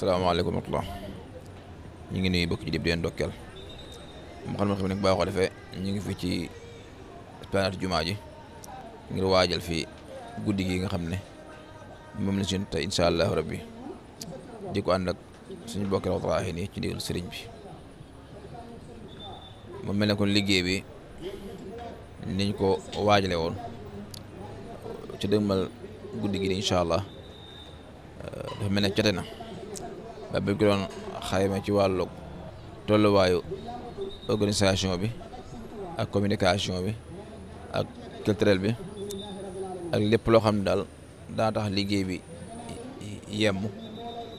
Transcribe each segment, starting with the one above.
salaamaaleykum wa rahmatulah ñu ngi nuyu bokk ci dib di leen dokkeel mu xam xam ne baax ko defee ñu ngi fi ci esplanade jumaa ji ngi waajal fi guddi gi nga xam ne moom la suñu tey incha allahu rabbi di ko ànd ak suñu bokk rawataaxi nii ci ndigal sëriñ bi mu mel ne kon liggéey bi niñ ko waajale woon ci dëgmal guddi gi di incha allah dafa mel ne cote na ndax buñ ko doon xayma ci wàllu tolluwaayu organisation bi ak communication bi ak culturel bi ak lépp loo xam ne daal daa tax liggéey bi yemm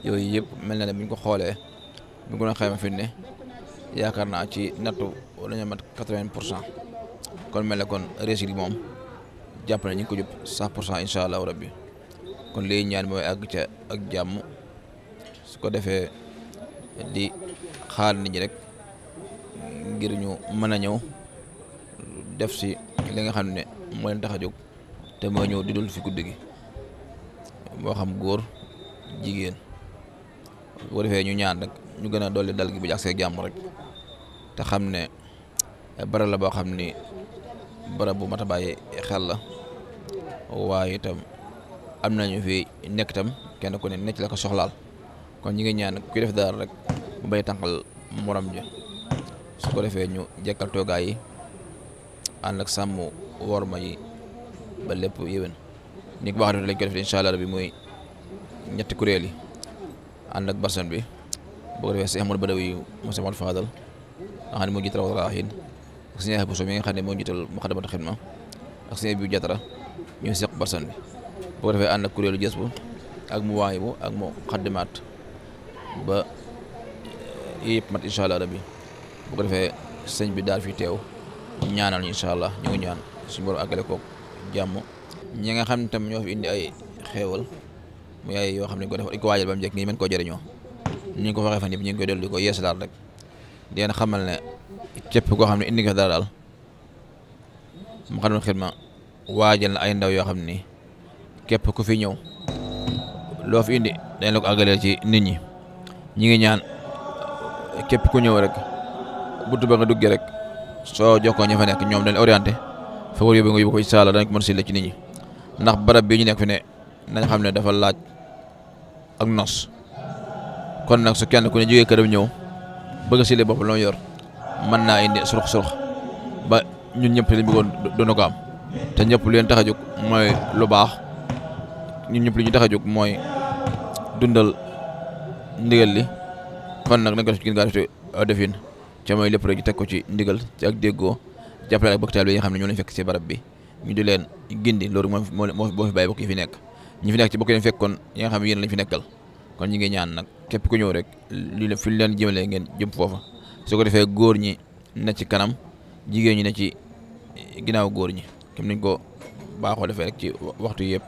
yooyu yëpp mel na ne buñ ko xoolee buñ ko doon xayma fi ne yaakaar naa ci nattu wala ñu mat pour cent kon mel na kon réussite bi moom jàpp na ñu ko jub cent pour cent incha allahu rabbi kon léegi ñaan mooy àgg ca ak jàmm su ko defee di xaar nit ñi rek ngir ñu mën a ñëw def si li nga xam ne moo leen tax a jóg te moo ñëw di dul fi guddi gi moo xam góor jigéen su ko defee ñu ñaan rek ñu gën a dolli dal gi bu jaxasee jàmm rek te xam ne barab la boo xam ni bara bu mat a bàyyi xel la waaye itam am nañu fi nekkitam kenn ku ne nekk la ko soxlaal. kon ñu ngi ñaan ku def daal rek mu bay tànqal morom ja su ko defee ñu jekkal toogaay yi ànd ak sàmm worma yi ba lépp yéwén ni ko baax lañ ko def incha allah bi muy ñetti kuréel yi ànd ak barsan bi boo ko defee si Ahmad Badawi mu Seex Ahmad Fadal nga xam ne moo jiital Rawdaahin xam ne moo jiital Muxaddamatul Xidma ak sëñ bi jatara ñooy seq barsan bi boo ko defee ànd ak kuréelu jës bu ak mu waay bu ak mu xaddimaat ba eh, yëpp mat incha allah rabbi bu defee sëñ bi daal fi teew ñaanal ñu incha allah ñu ngi ñaan suñu borom àggale koog jàmm ñi nga xam tam ñoo fi indi ay xeewal mu ay yoo xam ne ko def ko waajal ba mu jekk nii koo jëriñoo ni ñu ko waxee fan yëpp ñu ko yees daal rek di leen xamal ne képp koo xam ne indi nga dara daal mu xam ne xidma waajal na ay ndaw yoo xam ni képp ku fi ñëw loo indi dañ la ko ci nit ñi ñi ngi ñaan képp ku ñëw rek but ba nga duggee rek soo jokkoo ña fa nekk ñoom dañ orienté fa war yóbbu nga yóbbu ko incha allah dañ ko mën si la ci nit ñi ndax barab bii ñu nekk fi ne nañ xam ne dafa laaj ak nos kon nag su kenn ku ne jógee këram ñëw ba si li bopp la yor mën naa indi surux surux ba ñun ñëpp lañ bëggoon ko am te ñëpp lu leen tax a jóg mooy lu baax ñun ñëpp lu ñu tax a jóg mooy dundal. ndigal li kon nag nanga gën gaa def euh, defin ca mooy lépp rek ñu teg ko ci ndigal ci ak déggoo jàppale ak bokk taalibe yi nga xam ne ñoo leen fekk si barab bi ñu di leen gindi loolu moo moo fi bàyyi bokk yi fi nekk ñi fi nekk ci bokk leen fekkoon yi nga xam ne yéen lañ fi nekkal kon ñi ngi ñaan nag képp ku ñëw rek li fi leen jëmalee ngeen jëm foofa su ko defee góor ñi na ci kanam jigéen ñi ne ci ginnaaw góor ñi comme niñ ko baaxoo defee rek ci waxtu yëpp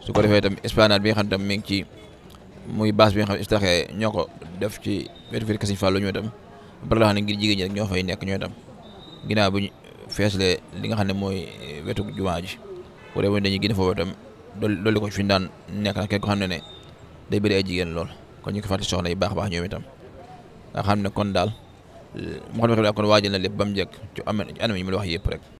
su ko defee tam esplanade bi nga xam tam mi ngi ci muy base bi nga xam ne ko def ci wetu kër Sëriñ Fallu ñoo tam ba ne ngir jigéen ñi rek ñoo fay nekk ñoo tam ginnaaw bu ñu fees le li nga xam ne mooy eh, wetu jumaa ji bu dee dañuy gën a foofu itam dolli ko fi ñu daan nekk nag ko xam ne ne day bëri jigéen lool kon ñu ko fàttali soxna yi baax baax ñoom itam nga xam ne kon daal moo xam ne kon waajal na lépp ba mu njëkk ci anam yi ma la wax yëpp rek